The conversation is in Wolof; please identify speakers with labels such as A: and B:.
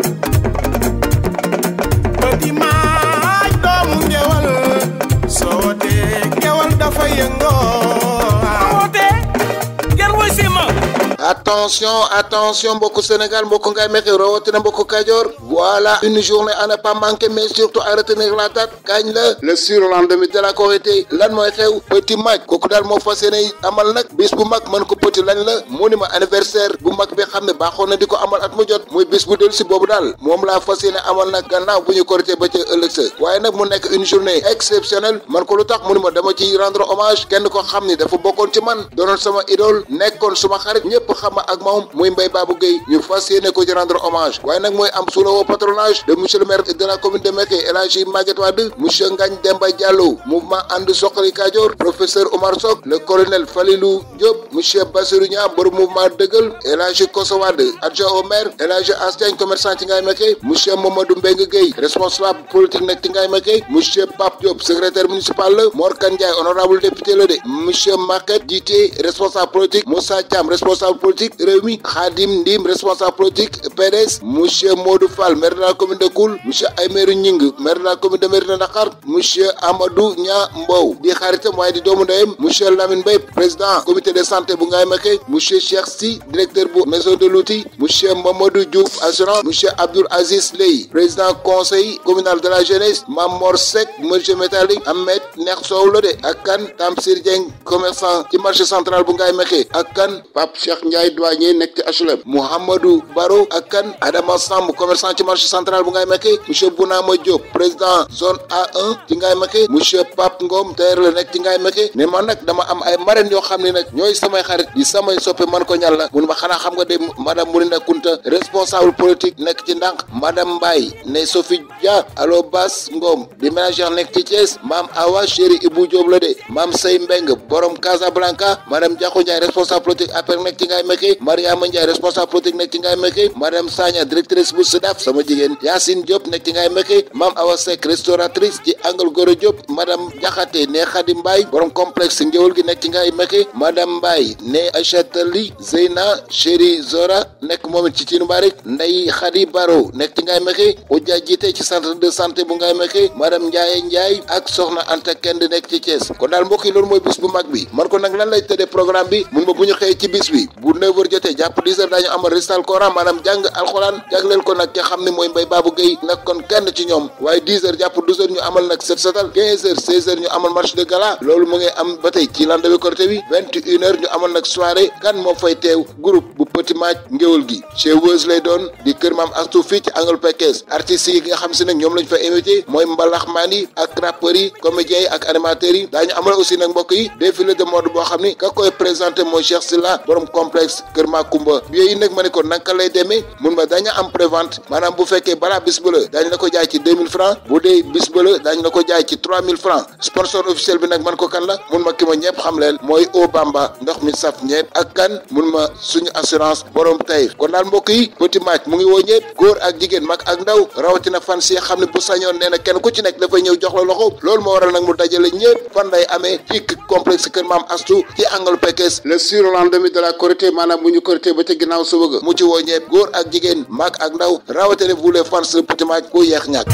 A: Thank you. attention attention beaucoup Sénégal beaucoup ngay mexe beaucoup mbokku voilà une journée à ne pas manquer mais surtout à retenir la date gagne la le surlendemain de la Korité L'année petit match kooku d'armes au amal nak, bis bu mag man ko petit lañ la anniversaire bu mag bi xam amal at mu jot bis bu dellu si boobu Dal, moom laa fas amal nag gannaaw bu ñu ba ca ëllëg sa une journée exceptionnelle man ko lu tax mu rendre hommage kenn ko de ni dafa bokkoon ci man doonoon sama idole nekkoon suma xarit ñëpp Samba ak moom muy mbay Babou gay ñu fas yéene ko ci rendre hommage waaye nag mooy am sous le patronage de monsieur le maire de la commune de Meke, El Hadji monsieur Ngagne Demba Diallo mouvement And Suxali kadior professeur Omar Sok. le colonel Falilou Diop monsieur Bassirou Niang borom mouvement dëggal El Hadji Kosowade adjoint au maire commerçant ci Ngaye meke monsieur Mamadou Mbengue gay responsable politique nag ci meke monsieur Pape Diop secrétaire municipal la Mor honorable député le de monsieur Maket Dité responsable politique Moussa diam responsable politique politique Rewmi Khadim Ndim responsable politique PDS monsieur Modou Fall la commune de Koul monsieur Aymerou Gningue maire de la commune de Mérina Dakhar monsieur Amadou Nia Mbow di xaritam waaye di doomu ndeyam monsieur Lamine Mbaye président comité de santé bu Ngaye Mékhé monsieur Cheikh Sy directeur bu maison de l'outil monsieur Mamadou Diouf assurance monsieur Abdoul Aziz Ley président conseil communal de la jeunesse Mamor Seck monsieur Métallique Ahmed Neex Sow la ak kan Tamsir Dieng commerçant ci marché central bu Ngaye Mékhé ak kan Pape douanier nekk ci HLM Mouhamadou Baro ak kan Adama Samb commerçant ci marché central bu Ngaye Mékhé monsieur Bounama Diop président zone A1 ci Ngaye Mékhé monsieur Pape Ngom tailleur la nekk ci Ngaye Mékhé ne man nag dama am ay marraines yoo xam ni nag ñooy samay xarit yi samay soppe man ko ñal la mun ma xanaa xam nga de madame Mourina ne Sophie Dia allo Bass Ngom di ménagère nekk ci Thiès maam Awa chéri Ibou Diop la de maam Sey Mbeng borom Casablanca madame Diakhou Ndiaye responsable politique APR nekk ci Ngaye Mékhé Mbacké Mariama Ndiaye responsable politique nekk ci Ngaye Mekey Mariam Sagna directrice bu SEDAF sama jigéen Yacine Diop nekk ci Ngaye Mekey Mame Awa Seck restauratrice ci Angle Goro Diop madame Diakhaté ne Khady Mbaye ci Ngaye Mekey madame Mbaye ne Aïchata Li Zeyna Chéri Zora nekk moom it ci Thinou Mbarik Ndeye Khady Baro nekk ci Ngaye Mekey Odia Jité ci centre de santé bu Ngaye Mekey madame Ndiaye Ndiaye ak soxna Anta Kend nekk ci Thiès kon daal mbokk yi loolu mooy bis bu mag bi man ko nag lan lay tëddee programme bi mun ma bu xëyee ci bis bi bu 9 jotee jàpp 10h daañu amal récital Coran maanaam jàng alxuraan jagleel ko nag nga xam ne mooy Mbaye Babou Guèye nag kon kenn ci ñoom waaye 10h jàpp 12 ñu amal nag set setal 15h ñu amal marché de gala loolu mu ngi am ba tey ci lendemain Korité bi 21h ñu amal nag soirée kan moo fay teew groupe bu Petit Maaj ngéwal gi chez Weuz doon di kër maam astu fii ci angle Pekes artistes yi nga xam si nag ñoom lañ fa invité mooy mbalaxmaan yi ak rappeurs yi comédiens yi ak animateurs yi daañu amal aussi nag mbokk yi défilé de mode boo xam ni ka koy présenté mooy Cheikh Silla borom complexe kër Makumba yooyu nag ma ne ko naka lay demee mun ma dañu am prévente maanaam bu fekkee balaa bis ba la ko jaay ci francs bu dee bis ba la ko jaay ci trois France borom tayif kon daal mbokk yi petit match mu ngi woo ñëpp góor ak jigéen mag ak ndaw rawatina fan si xam ne bu sañoon nee na kenn ku ci nekk dafay ñëw jox la loxo loolu moo waral nag mu dajale ñëpp fan lay amee ci complexe kër maam astu ci angle pekes le surlendemain de la Korité maanaam bu ñu Korité ba ca ginnaaw suba ga mu ci woo góor ak jigéen mag ak ndaw rawatina vous les fans le petit match ku yeex ñàkk